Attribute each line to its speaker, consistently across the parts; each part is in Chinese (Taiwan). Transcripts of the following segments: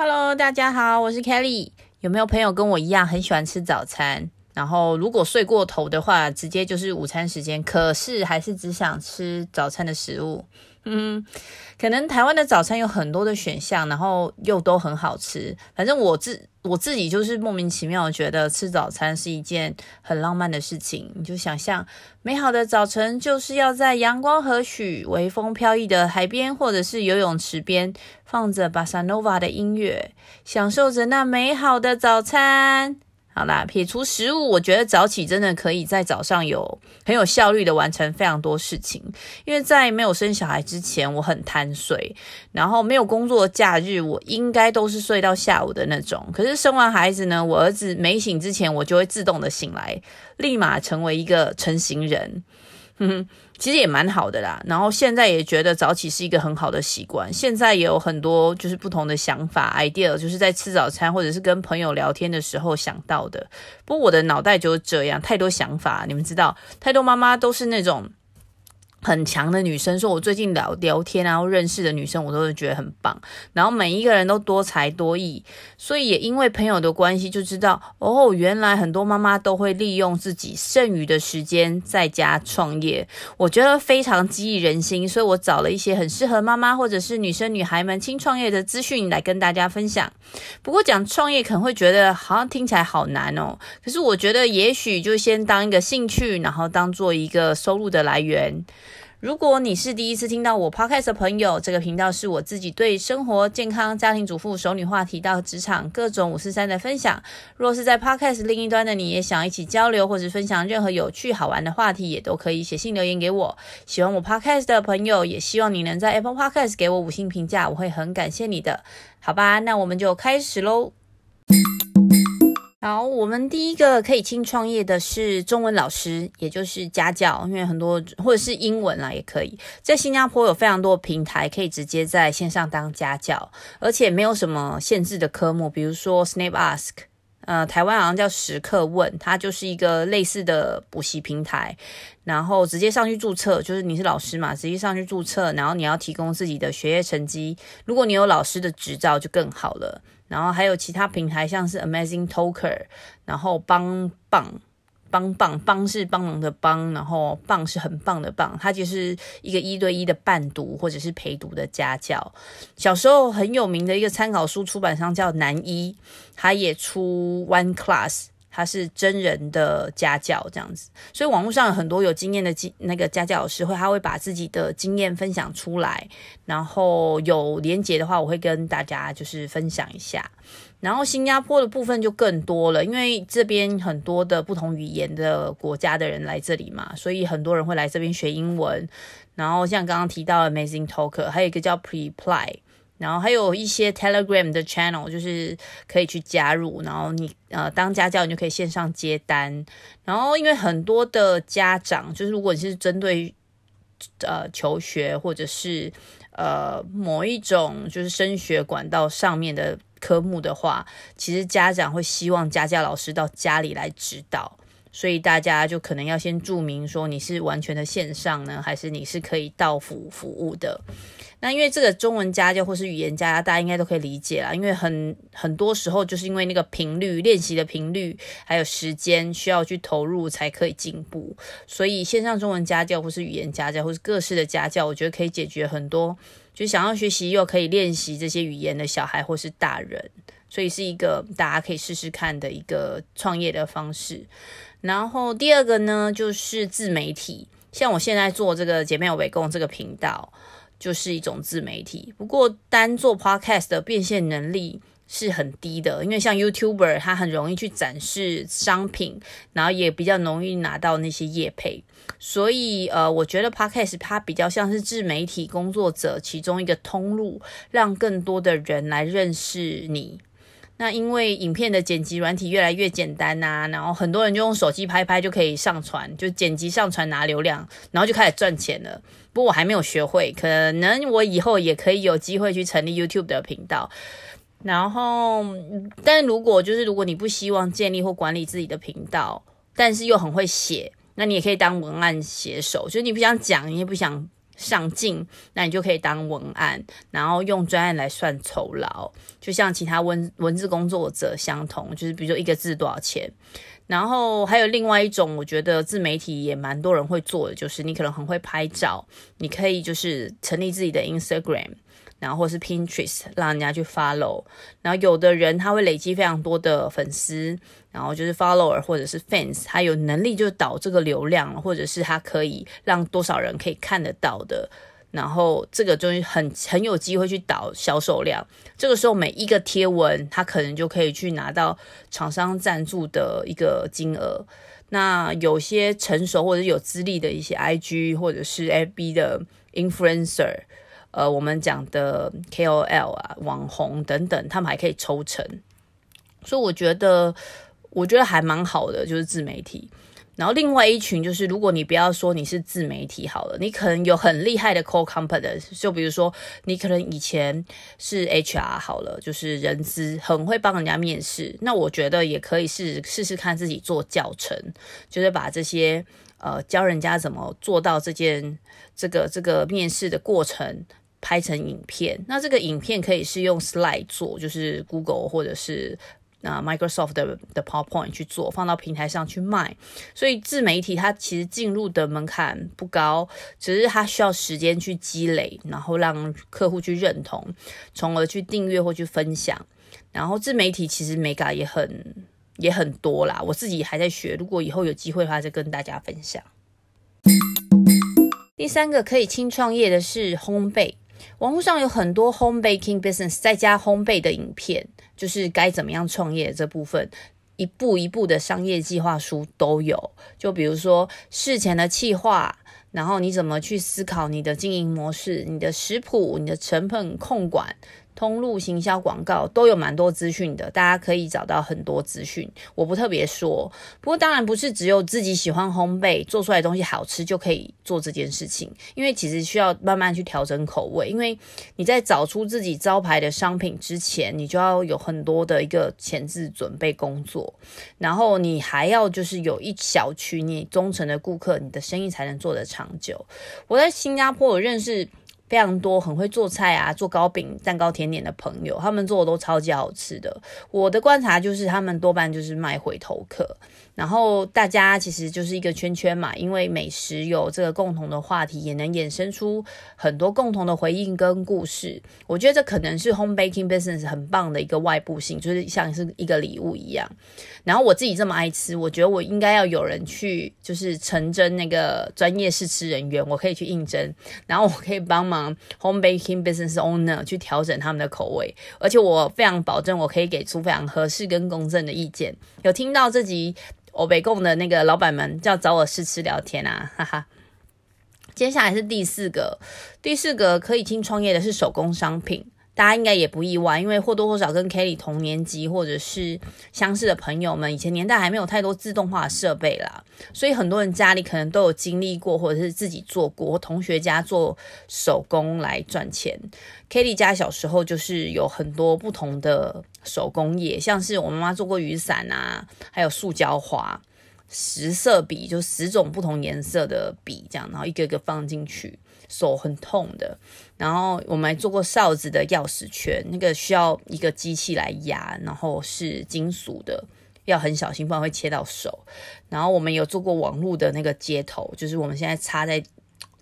Speaker 1: Hello，大家好，我是 Kelly。有沒有朋友跟我一樣很喜歡吃早餐？然後如果睡過頭的話，直接就是午餐時間，可是還是只想吃早餐的食物。嗯，可能台灣的早餐有很多的選項，然後又都很好吃。反正我自我自己就是莫名其妙覺得吃早餐是一件很浪漫的事情。你就想象美好的早晨就是要在陽光和煦、微風飄逸的海邊，或者是游泳池邊，放着巴薩諾瓦的音樂，享受着那美好的早餐。好啦，撇除食物，我覺得早起真的可以在早上有很有效率的完成非常多事情。因為在沒有生小孩之前，我很貪睡，然後沒有工作假日，我應該都是睡到下午的那種。可是生完孩子呢，我兒子沒醒之前，我就會自動的醒來，立馬成為一個成型人。哼哼，其實也蠻好的啦。然後現在也覺得早起是一個很好的習慣。現在也有很多就是不同的想法、idea，就是在吃早餐或者是跟朋友聊天的時候想到的。不過我的腦袋就是這樣，太多想法，你們知道，太多媽媽都是那種。很強的女生，說我最近聊聊天，然後認識的女生，我都會覺得很棒。然後每一個人都多才多藝，所以也因為朋友的關係就知道，哦，原來很多媽媽都會利用自己剩餘的時間在家創業，我覺得非常激勵人心。所以我找了一些很適合媽媽或者是女生女孩們輕創業的資訊來跟大家分享。不過講創業可能會覺得好像聽起來好難哦，可是我覺得也許就先當一個興趣，然後當做一個收入的來源。如果你是第一次聽到我 Podcast 的朋友，這個頻道是我自己對生活、健康、家庭主婦、熟女話題到職場各種五四三的分享。若是在 Podcast 另一端的你也想一起交流或者分享任何有趣好玩的話題，也都可以寫信留言給我。喜歡我 Podcast 的朋友，也希望你能在 Apple Podcast 給我五星評價，我會很感謝你的。好吧，那我們就開始嘍。 好，我們第一個可以輕創業的是中文老師，也就是家教，因為很多或者是英文啦也可以。在新加坡有非常多平台可以直接在線上當家教，而且沒有什麼限制的科目，比如說 Snap Ask。呃，台灣好像叫時刻問，它就是一個類似的補習平台，然後直接上去註冊，就是你是老師嘛，直接上去註冊，然後你要提供自己的學業成績，如果你有老師的執照就更好了，然後還有其他平台像是 Amazing Talker，然後幫棒。幫幫，幫是幫忙的幫，然後棒是很棒的棒。他就是一個一對一的伴讀或者是陪讀的家教。小時候很有名的一個參考書出版商叫南一，他也出 One Class。他是真人的家教這樣子，所以網絡上有很多有經驗的經那個家教老師會，他會把自己的經驗分享出來。然後有連接的話，我會跟大家就是分享一下。然後新加坡的部分就更多了，因為這邊很多的不同語言的國家的人來這裡嘛，所以很多人會來這邊學英文。然後像剛剛提到的 Amazing Talker，還有一個叫 Preply。然後還有一些 Telegram 的 channel，就是可以去加入。然後你呃當家教，你就可以線上接單。然後，因為很多的家長，就是如果你是針對呃求學或者是呃某一種就是升學管道上面的科目的話，其實家長會希望家教老師到家裡來指導。所以大家就可能要先注明說你是完全的線上呢，還是你是可以到府服務的？那因為這個中文家教或是語言家家大家應該都可以理解啦。因為很很多時候，就是因為那個頻率練習的頻率，還有時間需要去投入才可以進步。所以線上中文家教或是語言家教，或是各式的家教，我覺得可以解決很多，就是想要學習又可以練習這些語言的小孩或是大人。所以是一個大家可以試試看的一個創業的方式。然後第二個呢，就是自媒體，像我現在做這個姐妹有圍共這個頻道。就是一種自媒體，不過單做 Podcast 的變現能力是很低的，因為像 YouTuber 他很容易去展示商品，然後也比較容易拿到那些業配。所以呃，我覺得 Podcast 它比較像是自媒體工作者其中一個通路，讓更多的人來認識你。那因為影片的剪輯軟體越來越簡單吶、啊，然後很多人就用手機拍拍就可以上傳，就剪輯、上傳拿流量，然後就開始賺錢了。不過我還沒有學會，可能我以後也可以有機會去成立 YouTube 的頻道。然後，但如果就是如果你不希望建立或管理自己的頻道，但是又很會寫，那你也可以當文案寫手。就是你不想講，你也不想。上鏡，那你就可以當文案，然後用專案來算酬勞，就像其他文文字工作者相同，就是比如說一個字多少錢。然後還有另外一種，我覺得自媒體也蠻多人會做的，就是你可能很會拍照，你可以就是成立自己的 Instagram，然後或是 Pinterest，讓人家去 follow。然後有的人他會累積非常多的粉絲。然後就是 follower 或者是 fans，他有能力就導這個流量，或者是他可以讓多少人可以看得到的。然後這個就很很有機會去導銷售量。這個時候每一個貼文，他可能就可以去拿到廠商贊助的一個金額。那有些成熟或者有資歷的一些 IG 或者是 FB 的 influencer，呃，我們講的 KOL 啊、網紅等等，他們還可以抽成。所以我覺得。我覺得還蠻好的，就是自媒體。然後另外一群就是，如果你不要說你是自媒體好了，你可能有很厲害的 core competence，就比如說你可能以前是 HR 好了，就是人資，很會幫人家面試。那我覺得也可以試試試看自己做教程，就是把這些呃教人家怎麼做到這件這個這個面試的過程拍成影片。那這個影片可以是用 slide 做，就是 Google 或者是。那 Microsoft 的的 PowerPoint 去做，放到平台上去賣，所以自媒體它其實進入的門檻不高，只是它需要時間去積累，然後讓客戶去認同，從而去訂閱或去分享。然後自媒體其實美感也很也很多啦，我自己還在學，如果以後有機會的話，再跟大家分享。第三個可以輕創業的是烘焙，網絡上有很多 Home Baking Business 在家烘焙的影片。就是該怎麼樣創業這部分，一步一步的商業計劃書都有。就比如說事前的計劃，然後你怎麼去思考你的經營模式、你的食譜、你的成本控管。通路行銷廣告都有蠻多資訊的，大家可以找到很多資訊。我不特別說，不過當然不是只有自己喜歡烘焙做出來的東西好吃就可以做這件事情，因為其實需要慢慢去調整口味。因為你在找出自己招牌的商品之前，你就要有很多的一個前置準備工作，然後你還要就是有一小群你忠誠的顧客，你的生意才能做得長久。我在新加坡，我認識。非常多很會做菜啊，做糕餅、蛋糕、甜點的朋友，他們做的都超級好吃的。我的觀察就是，他們多半就是賣回頭客。然後大家其實就是一個圈圈嘛，因為美食有這個共同的話題，也能衍生出很多共同的回應跟故事。我覺得這可能是 home baking business 很棒的一個外部性，就是像是一個禮物一樣。然後我自己這麼愛吃，我覺得我應該要有人去，就是成真那個專業試吃人員，我可以去應徵，然後我可以幫忙 home baking business owner 去調整他們的口味，而且我非常保證，我可以給出非常合適跟公正的意見。有聽到這集。歐北貢的那個老闆們就要找我試吃聊天啊，哈哈。接下來是第四個，第四個可以輕創業的是手工商品。大家應該也不意外，因為或多或少跟 Kelly 同年級或者是相似的朋友們，以前年代還沒有太多自動化設備啦，所以很多人家裡可能都有經歷過，或者是自己做過，或同學家做手工來賺錢。Kelly 家小時候就是有很多不同的手工業，像是我媽媽做過雨傘啊，還有塑膠花、十色筆，就十種不同顏色的筆這樣，然後一個一個放進去。手很痛的，然後我們還做過哨子的鑰匙圈，那個需要一個機器來壓，然後是金屬的，要很小心，不然會切到手。然後我們有做過網絡的那個接頭，就是我們現在插在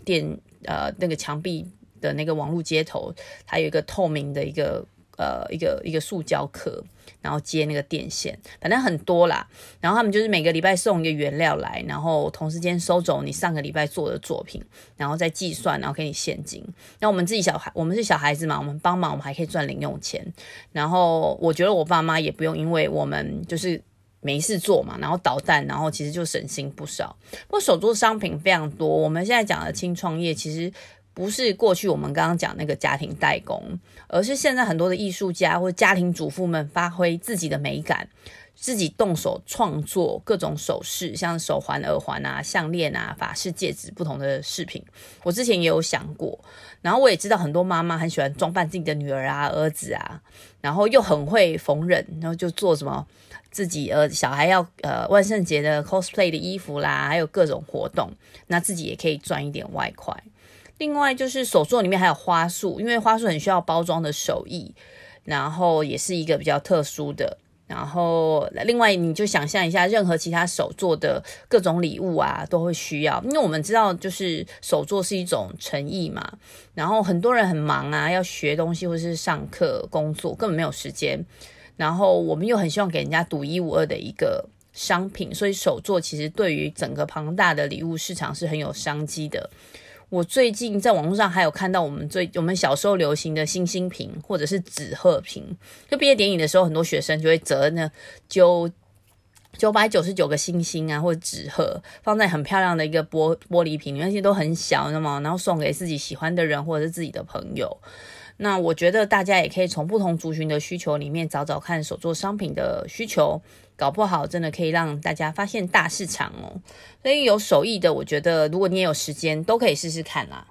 Speaker 1: 電呃那個牆壁的那個網絡接頭，它有一個透明的一個。呃，一個一個塑膠殼，然後接那個電線，反正很多啦。然後他們就是每個禮拜送一個原料來，然後同時間收走你上個禮拜做的作品，然後再計算，然後給你現金。那我們自己小孩，我們是小孩子嘛，我們幫忙，我們還可以賺零用錢。然後我覺得我爸媽也不用，因為我們就是沒事做嘛，然後搗蛋，然後其實就省心不少。不過手作商品非常多，我們現在講的輕創業，其實。不是過去我們剛剛講那個家庭代工，而是現在很多的藝術家或者家庭主婦們發揮自己的美感，自己動手創作各種首飾，像手環、耳環啊、項鏈啊、法式戒指不同的飾品。我之前也有想過，然後我也知道很多媽媽很喜歡裝扮自己的女兒啊、兒子啊，然後又很會縫紉，然後就做什麼自己呃小孩要呃萬聖節的 cosplay 的衣服啦，還有各種活動，那自己也可以賺一點外快。另外就是手作裡面還有花束，因為花束很需要包裝的手藝，然後也是一個比較特殊的。然後另外你就想象一下，任何其他手作的各種禮物啊，都會需要，因為我們知道就是手作是一種誠意嘛。然後很多人很忙啊，要學東西或是上課、工作，根本沒有時間。然後我們又很希望給人家獨一無二的一個商品，所以手作其實對於整個龐大的禮物市場是很有商機的。我最近在網絡上還有看到我們最我們小時候流行的星星瓶，或者是紙鶴瓶。就畢業典禮的時候，很多學生就會折那九九百九十九個星星啊，或者紙鶴，放在很漂亮的一個玻玻璃瓶裡面，其實都很小的嘛，然後送給自己喜歡的人，或者是自己的朋友。那我覺得大家也可以從不同族群的需求裡面找找看手作商品的需求，搞不好真的可以讓大家發現大市場哦。所以有手藝的，我覺得如果你也有時間，都可以試試看啦。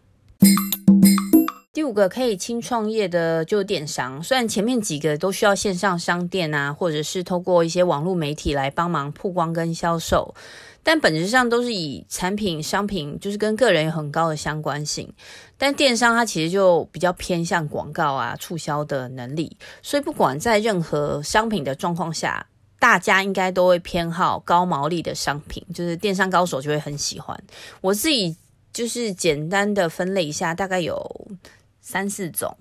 Speaker 1: 第五個可以輕創業的，就是電商。雖然前面幾個都需要線上商店啊，或者是透過一些網絡媒體來幫忙曝光跟銷售。但本質上都是以產品、商品，就是跟個人有很高的相關性。但電商它其實就比較偏向廣告啊、促銷的能力，所以不管在任何商品的狀況下，大家應該都會偏好高毛利的商品，就是電商高手就會很喜歡。我自己就是簡單的分類一下，大概有。三四種，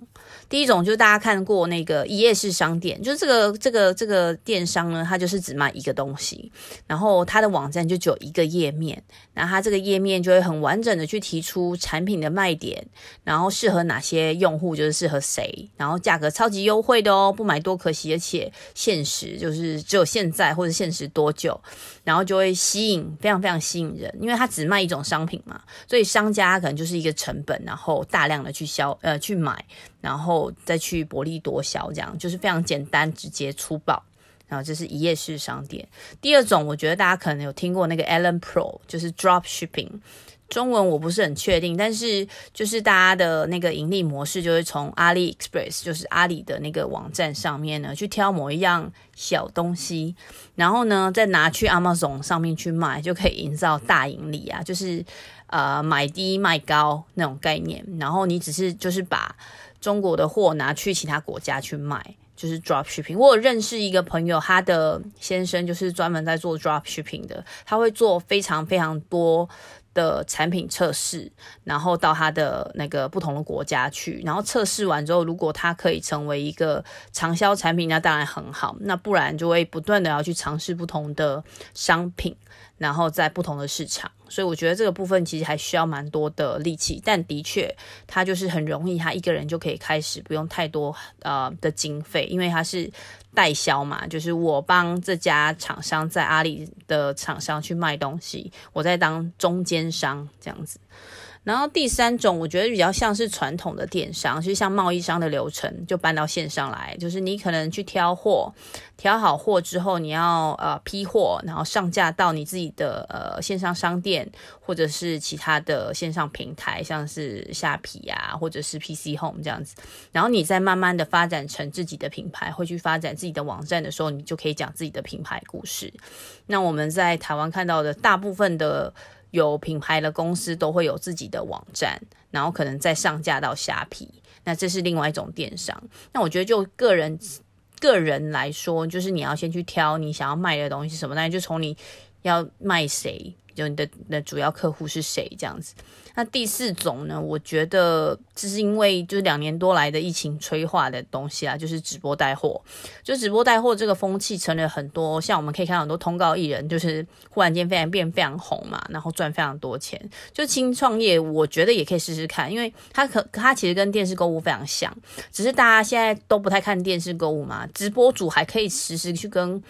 Speaker 1: 第一種就是大家看過那個一頁式商店，就是這個這個這個電商呢，它就是只賣一個東西，然後它的網站就只有一個頁面，然後它這個頁面就會很完整的去提出產品的賣點，然後適合哪些用戶，就是適合誰，然後價格超級優惠的哦，不買多可惜，而且限時就是只有現在或者限時多久，然後就會吸引非常非常吸引人，因為它只賣一種商品嘛，所以商家可能就是一個成本，然後大量的去銷呃。去買，然後再去薄利多銷，這樣就是非常簡單、直接、粗暴。然後這是一頁式商店。第二種，我覺得大家可能有聽過那個 Allen Pro，就是 Drop Shipping，中文我不是很確定，但是就是大家的那個盈利模式，就是從 AliExpress，就是阿里的那個網站上面呢，去挑某一樣小東西，然後呢再拿去 Amazon 上面去賣，就可以營造大盈利啊，就是。呃，買低賣高那種概念，然後你只是就是把中國的貨拿去其他國家去賣，就是 dropshipping。我有認識一個朋友，他的先生就是專門在做 dropshipping 的，他會做非常非常多的產品測試，然後到他的那個不同的國家去，然後測試完之後，如果他可以成為一個暢銷產品，那當然很好；那不然就會不斷的要去嘗試不同的商品，然後在不同的市場。所以我覺得這個部分其實還需要蠻多的力氣，但的確他就是很容易，他一個人就可以開始，不用太多呃的經費，因為他是。代銷嘛，就是我幫這家廠商在阿里的廠商去賣東西，我在當中間商這樣子。然後第三種，我覺得比較像是傳統的電商，就是像貿易商的流程，就搬到線上來。就是你可能去挑貨，挑好貨之後，你要呃批貨，然後上架到你自己的呃線上商店，或者是其他的線上平台，像是下皮啊，或者是 PC Home 這樣子。然後你再慢慢的發展成自己的品牌，會去發展自己的網站的時候，你就可以講自己的品牌故事。那我們在台灣看到的大部分的。有品牌的公司都會有自己的網站，然後可能再上架到蝦皮，那這是另外一種電商。那我覺得就個人個人來說，就是你要先去挑你想要賣的東西什麼那你，就從你要賣誰。就你的你的主要客戶是誰？這樣子。那第四種呢？我覺得這是因為就是兩年多來的疫情催化的東西啊，就是直播帶貨。就直播帶貨這個風氣成了很多，像我們可以看到很多通告藝人，就是忽然間非常變非常紅嘛，然後賺非常多錢。就輕創業，我覺得也可以試試看，因為它可它其實跟電視購物非常像，只是大家現在都不太看電視購物嘛。直播主還可以實時時去跟，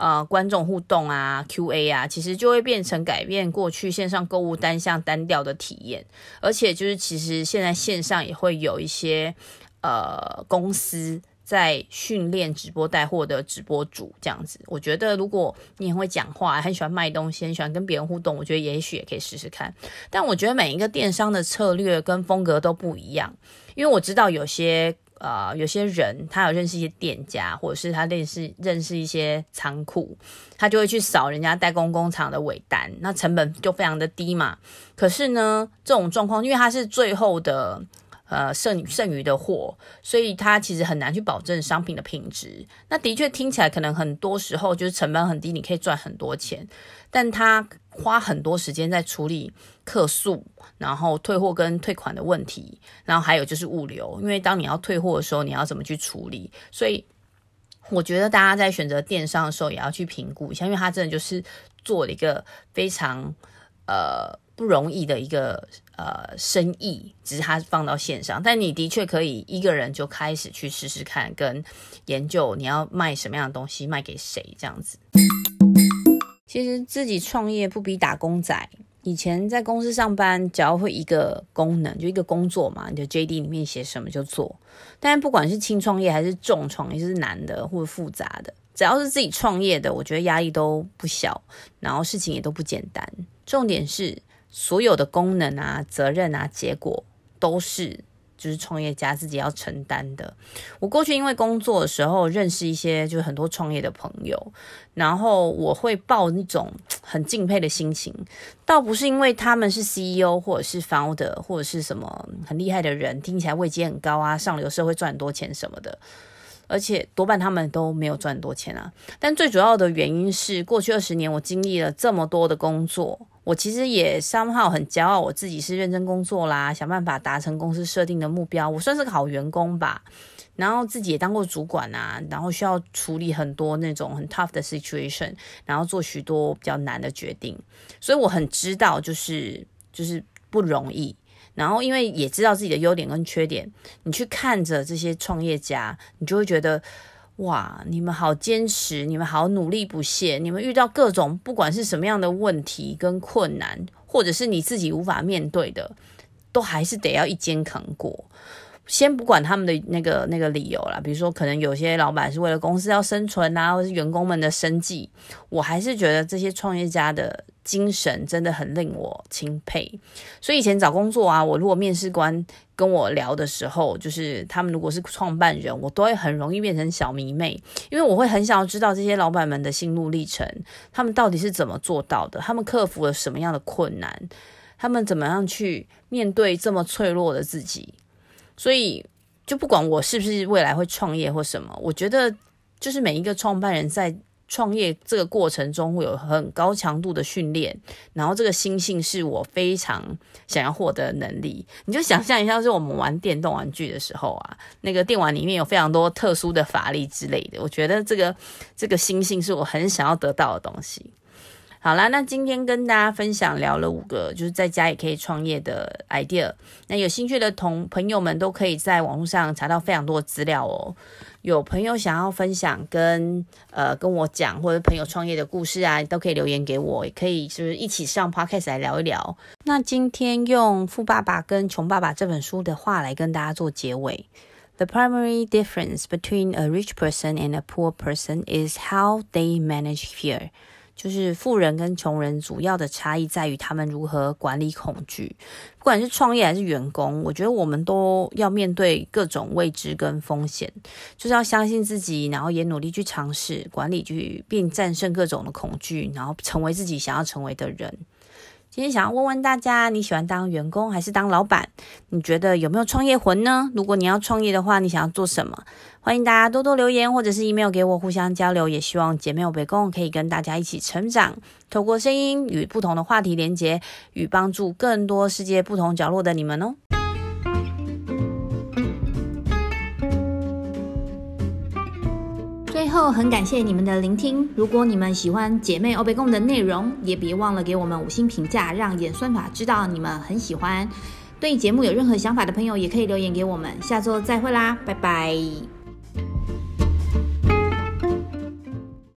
Speaker 1: 呃，觀眾互動啊，Q&A 啊，其實就會變成改變過去線上購物單向單調的體驗。而且就是，其實現在線上也會有一些呃公司在訓練直播帶貨的直播主這樣子。我覺得如果你很會講話，很喜歡賣東西，喜歡跟別人互動，我覺得也許也可以試試看。但我覺得每一個電商的策略跟風格都不一樣，因為我知道有些。呃，有些人他有認識一些店家，或者是他認識認識一些倉庫，他就會去掃人家代工工廠的尾單，那成本就非常的低嘛。可是呢，這種狀況因為他是最後的。呃，剩剩餘的貨，所以它其實很難去保證商品的品質。那的確聽起來可能很多時候就是成本很低，你可以賺很多錢，但它花很多時間在處理客訴，然後退貨跟退款的問題，然後還有就是物流，因為當你要退貨的時候，你要怎麼去處理？所以我覺得大家在選擇電商的時候，也要去評估一下，因為它真的就是做了一個非常呃。不容易的一個呃生意，只是他放到線上，但你的確可以一個人就開始去試試看，跟研究你要賣什麼樣的東西，賣給誰這樣子。其實自己創業不比打工仔。以前在公司上班，只要會一個功能，就一個工作嘛，你的 JD 裡面寫什麼就做。但不管是輕創業還是重創業，是難的或者複雜的，只要是自己創業的，我覺得壓力都不小，然後事情也都不簡單。重點是，所有的功能啊、責任啊、結果都是就是創業家自己要承擔的。我過去因為工作的時候認識一些，就是很多創業的朋友，然後我會抱那種很敬佩的心情，倒不是因為他們是 CEO 或者是 Founder 或者是什麼很厲害的人，聽起來位階很高啊，上流社會賺很多錢什麼的，而且多半他們都沒有賺很多錢啊。但最主要的原因是，過去二十年我經歷了這麼多的工作。我其實也 somehow 很驕傲，我自己是認真工作啦，想辦法達成公司設定的目標，我算是個好員工吧。然後自己也當過主管啊，然後需要處理很多那種很 tough 的 situation，然後做許多比較難的決定，所以我很知道，就是就是不容易。然後因為也知道自己的優點跟缺點，你去看着這些創業家，你就會覺得。哇！你們好堅持，你們好努力不懈，你們遇到各種不管是什麼樣的問題跟困難，或者是你自己無法面對的，都還是得要一肩扛過。先不管他們的那個那個理由啦，比如說，可能有些老闆是為了公司要生存啊，或者是員工們的生計，我還是覺得這些創業家的精神真的很令我欽佩。所以以前找工作啊，我如果面試官跟我聊的時候，就是他們如果是創辦人，我都會很容易變成小迷妹，因為我會很想要知道這些老闆們的心路歷程，他們到底是怎麼做到的，他們克服了什麼樣的困難，他們怎麼樣去面對這麼脆弱的自己。所以，就不管我是不是未來會創業或什麼，我覺得就是每一個創辦人在創業這個過程中會有很高強度的訓練，然後這個心性是我非常想要獲得的能力。你就想象一下，是我們玩電動玩具的時候啊，那個電玩裡面有非常多特殊的法力之類的，我覺得這個這個心性是我很想要得到的東西。好啦，那今天跟大家分享聊了五個，就是在家也可以創業的 idea。那有興趣的同朋友們都可以在網絡上查到非常多的資料哦。有朋友想要分享跟呃跟我講，或者朋友創業的故事啊，都可以留言給我，也可以就是，是一起上 podcast 來聊一聊。那今天用《富爸爸跟窮爸爸》這本書的話來跟大家做結尾。The primary difference between a rich person and a poor person is how they manage fear. 就是富人跟窮人主要的差異在於他們如何管理恐懼。不管是創業還是員工，我覺得我們都要面對各種未知跟風險，就是要相信自己，然後也努力去嘗試管理去並戰勝各種的恐懼，然後成為自己想要成為的人。今天想要問問大家，你喜歡當員工還是當老闆？你覺得有沒有創業魂呢？如果你要創業的話，你想要做什麼？歡迎大家多多留言或者是 email 給我，互相交流。也希望姐妹北公可以跟大家一起成長，透過聲音與不同的話題連接，與幫助更多世界不同角落的你們哦。最後，很感謝你們的聆聽。如果你們喜歡《姐妹歐北共》的內容，也別忘了給我們五星評價，讓演算法知道你們很喜歡。對節目有任何想法的朋友，也可以留言給我們。下週再會啦，拜拜。